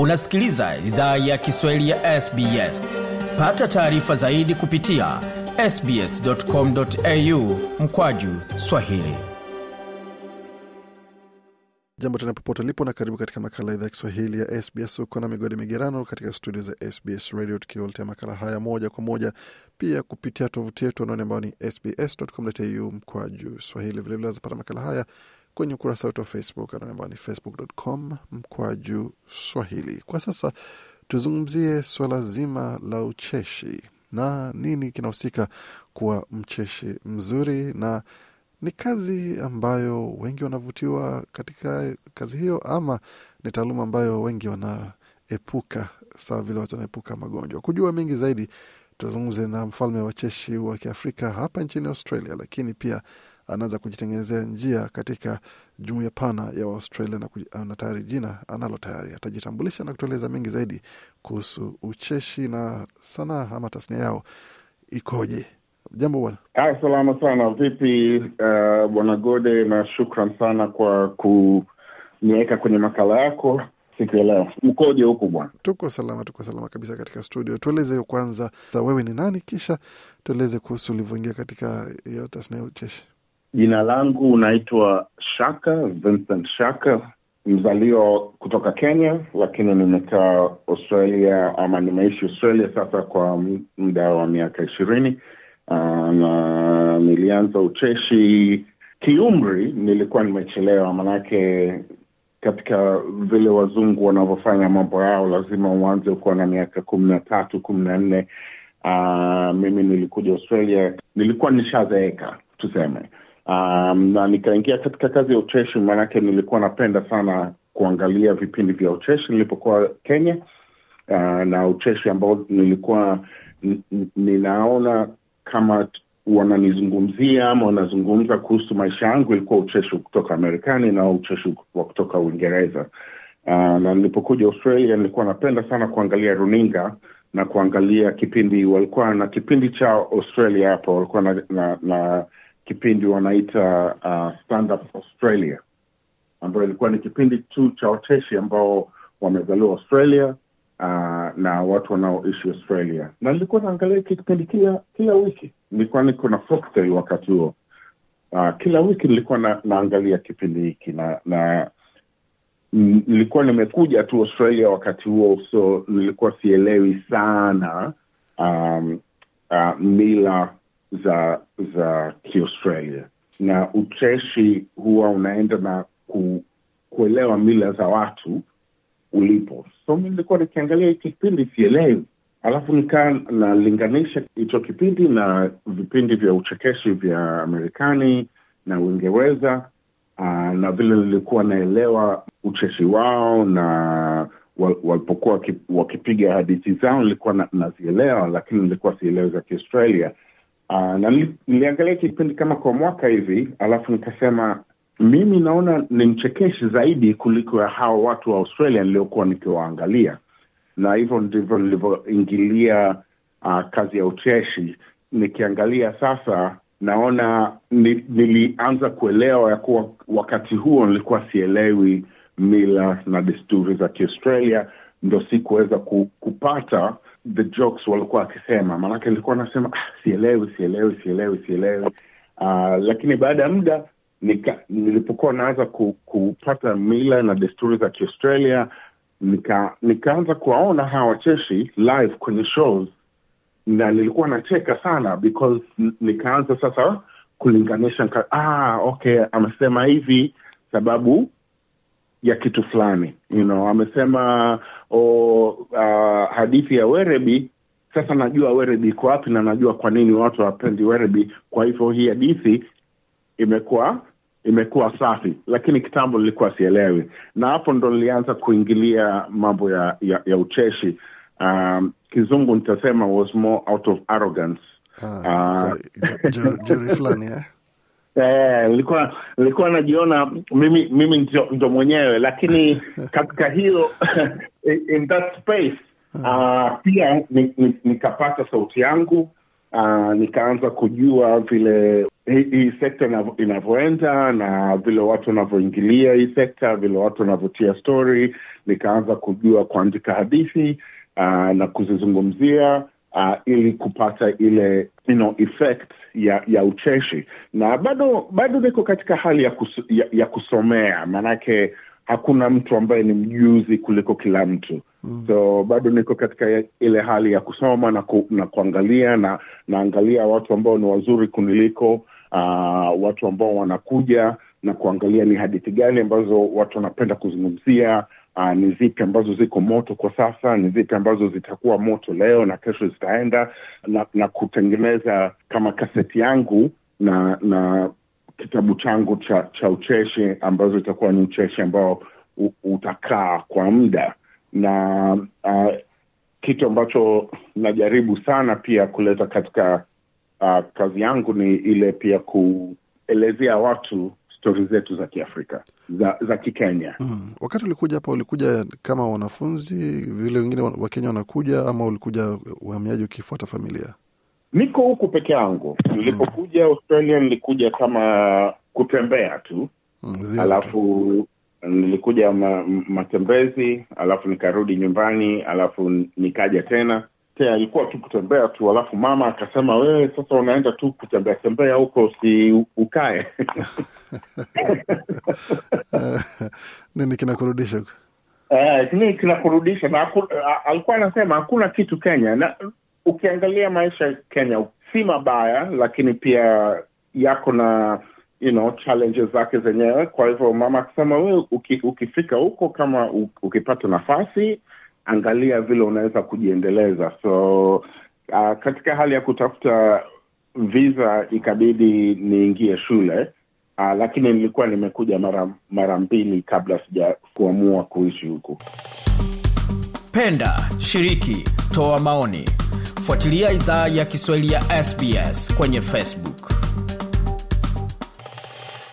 unasikiliza idhaa ya kiswahili ya sbs pata taarifa zaidi kupitia sbscomau mkwaju swahili jambo tena popote ulipo na karibu katika makala idhaa ya kiswahili ya sbs huko na migodi migerano katika studio za sbs radio tukiwaletea makala haya moja kwa moja pia kupitia tovuti yetu anaoni ambao ni sbscomau mkwaju swahili vilevile azapata makala haya kwenye ukurasa wetu wa Facebook ambao ni facebook.com mkwaju Swahili. Kwa sasa tuzungumzie suala zima la ucheshi na nini kinahusika kuwa mcheshi mzuri, na ni kazi ambayo wengi wanavutiwa katika kazi hiyo, ama ni taaluma ambayo wengi wanaepuka sawa vile watu wanaepuka magonjwa. Kujua mengi zaidi, tuzungumze na mfalme wa cheshi wa Kiafrika hapa nchini Australia, lakini pia anaanza kujitengenezea njia katika jumuiya pana ya Australia na, na tayari jina analo tayari, atajitambulisha na kutueleza mengi zaidi kuhusu ucheshi na sanaa ama tasnia yao ikoje. Jambo bwana. Ah, salama sana. Vipi uh, bwana Gode, na shukran sana kwa kuniweka kwenye makala yako siku ya leo. Mkoje huku bwana? Tuko salama, tuko salama kabisa katika studio. Tueleze kwanza, wewe ni nani, kisha tueleze kuhusu ulivyoingia katika hiyo tasnia ya ucheshi. Jina langu unaitwa Shaka Vincent Shaka, mzaliwa kutoka Kenya, lakini nimekaa Australia ama nimeishi Australia sasa kwa muda wa miaka ishirini ah, na nilianza ucheshi kiumri, nilikuwa nimechelewa, manake katika vile wazungu wanavyofanya mambo yao lazima uanze ukiwa na miaka kumi na tatu kumi na nne. Ah, mimi nilikuja Australia, nilikuwa nishazeeka tuseme um, na nikaingia katika kazi ya ucheshi, maanake nilikuwa napenda sana kuangalia vipindi vya ucheshi nilipokuwa Kenya uh, na ucheshi ambao nilikuwa ninaona kama wananizungumzia ama wanazungumza kuhusu maisha yangu ilikuwa ucheshi kutoka Marekani na ucheshi wa kutoka Uingereza. Uh, na nilipokuja Australia nilikuwa napenda sana kuangalia runinga na kuangalia kipindi, walikuwa na kipindi cha Australia hapo, walikuwa na, na, na kipindi wanaita uh, Stand Up Australia, ambayo ilikuwa ni kipindi tu cha wateshi ambao wamezaliwa Australia uh, na watu wanaoishi Australia, na nilikuwa naangalia hiki kipindi kila kila wiki. Nilikuwa niko na wakati huo uh, kila wiki nilikuwa na, naangalia kipindi hiki na, na nilikuwa nimekuja tu Australia wakati huo, so nilikuwa sielewi sana um, uh, mila za za Kiaustralia, na ucheshi huwa unaenda na ku, kuelewa mila za watu ulipo. So mi nilikuwa nikiangalia hii kipindi sielewi, alafu nikaa nalinganisha hicho kipindi na vipindi vya uchekeshi vya Marekani na Uingereza uh, na vile nilikuwa naelewa ucheshi wao na walipokuwa wakipiga hadithi zao nilikuwa nazielewa, lakini nilikuwa sielewi za Kiaustralia. Ah, na niliangalia kipindi kama kwa mwaka hivi, alafu nikasema mimi naona ni mchekeshi zaidi kuliko ya hawa watu wa Australia niliokuwa nikiwaangalia, na hivyo ndivyo nilivyoingilia uh, kazi ya ucheshi. Nikiangalia sasa, naona ni, nilianza kuelewa ya kuwa wakati huo nilikuwa sielewi mila na desturi za Kiaustralia, ndo sikuweza ku, kupata the jokes walikuwa akisema, maanake ilikuwa anasema ah, sielewi sielewi sielewi sielewi. Uh, lakini baada ya muda nilipokuwa naanza ku, kupata mila na desturi za Kiaustralia nika, nikaanza kuwaona hawa wacheshi live kwenye shows na nilikuwa nacheka sana because nikaanza sasa kulinganisha nika, ah, okay amesema hivi sababu ya kitu fulani you know, amesema o uh, hadithi ya werebi Sasa najua werebi iko wapi na najua kwa nini watu wapendi werebi Kwa hivyo hii hadithi imekuwa imekuwa safi, lakini kitambo nilikuwa sielewi, na hapo ndo nilianza kuingilia mambo ya ya, ya ucheshi. Um, kizungu nitasema was more out of arrogance. Ah, uh, ah. jeri eh? Eh, nilikuwa najiona mimi mimi ndio, ndio mwenyewe lakini katika hiyo in that space uh, pia nikapata ni, ni sauti yangu uh, nikaanza kujua vile hii, hi sekta inavyoenda na vile watu wanavyoingilia hii sekta vile watu wanavyotia story nikaanza kujua kuandika hadithi uh, na kuzizungumzia uh, ili kupata ile you know, effect ya ya ucheshi na bado bado niko katika hali ya, kus, ya, ya kusomea maanake hakuna mtu ambaye ni mjuzi kuliko kila mtu mm. so bado niko katika ile hali ya kusoma na, ku, na kuangalia na naangalia watu ambao ni wazuri kuniliko uh, watu ambao wanakuja na kuangalia ni hadithi gani ambazo watu wanapenda kuzungumzia uh, ni zipi ambazo ziko moto kwa sasa, ni zipi ambazo zitakuwa moto leo na kesho zitaenda, na, na kutengeneza kama kaseti yangu na na kitabu changu cha cha ucheshi ambazo itakuwa ni ucheshi ambao utakaa kwa muda na uh, kitu ambacho najaribu sana pia kuleta katika uh, kazi yangu ni ile pia kuelezea watu stori zetu za Kiafrika za, za Kikenya. Mm. Wakati ulikuja hapa, ulikuja kama wanafunzi vile wengine Wakenya wanakuja, ama ulikuja uhamiaji ukifuata familia? Niko huku peke yangu. Nilipokuja mm. Australia nilikuja kama kutembea tu mm, alafu nilikuja ma, matembezi, alafu nikarudi nyumbani, alafu nikaja tena alikuwa tu kutembea tu, alafu mama akasema wewe sasa unaenda tu kutembea tembea huko, si ukae nini kinakurudisha uh, kinakurudisha na aku, alikuwa anasema hakuna kitu Kenya na ukiangalia maisha Kenya si mabaya, lakini pia yako na you know challenges zake zenyewe. Kwa hivyo mama akasema wewe uki, ukifika huko kama ukipata nafasi angalia vile unaweza kujiendeleza so uh, katika hali ya kutafuta visa ikabidi niingie shule uh, lakini nilikuwa nimekuja mara mara mbili kabla sija kuamua kuishi huku penda shiriki toa maoni fuatilia idhaa ya kiswahili ya sbs kwenye facebook